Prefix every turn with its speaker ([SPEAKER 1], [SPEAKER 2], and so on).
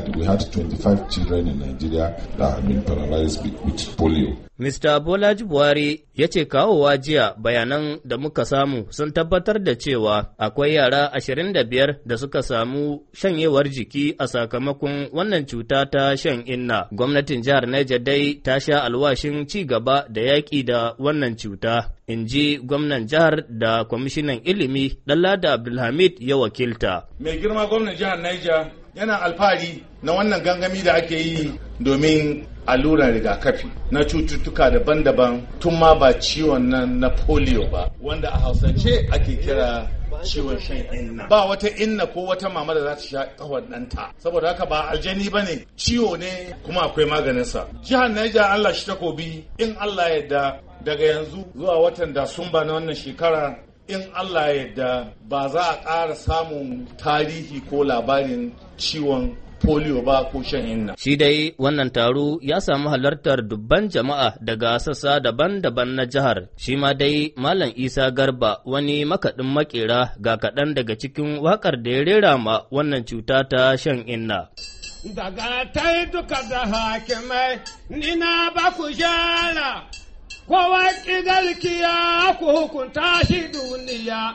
[SPEAKER 1] had. We had 25 children in Nigeria that had been paralyzed with polio.
[SPEAKER 2] Mr. Bola Wari. ya ce kawowa jiya bayanan da muka samu sun tabbatar da cewa akwai yara 25 da suka samu shanyewar jiki a sakamakon wannan cuta ta shan inna. Gwamnatin jihar Niger dai ta sha alwashin ci gaba da yaƙi da wannan cuta. In ji gwamnan jihar da kwamishinan ilimi Ɗanlada Abdulhamid ya wakilta.
[SPEAKER 1] Mai girma gwamnan jihar Niger yana alfahari na wannan gangami da ake yi domin alluran rigakafi na cututtuka daban-daban tun ma ba ciwon nan na polio ba wanda a hausance ake kira ciwon shan inna ba wata inna ko wata mama da za ta sha kawar ɗanta saboda haka ba aljani ba ne ciwo ne kuma akwai maganinsa jihar naija allah shi takobi in allah yadda daga yanzu zuwa watan da ba na wannan shekara in allah yadda ba za a ƙara samun tarihi ko labarin ciwon polio ba ko shan inna.
[SPEAKER 2] Shi dai wannan taro ya samu halartar dubban jama'a daga sassa daban-daban na jihar. Shi ma dai Malam Isa Garba wani makaɗin makera ga kaɗan daga cikin waƙar da ya rera ma wannan cuta ta shan inna.
[SPEAKER 3] Daga yi duka da hakimai, nina ba ku jara, kowa ya ku hukunta shi duniya.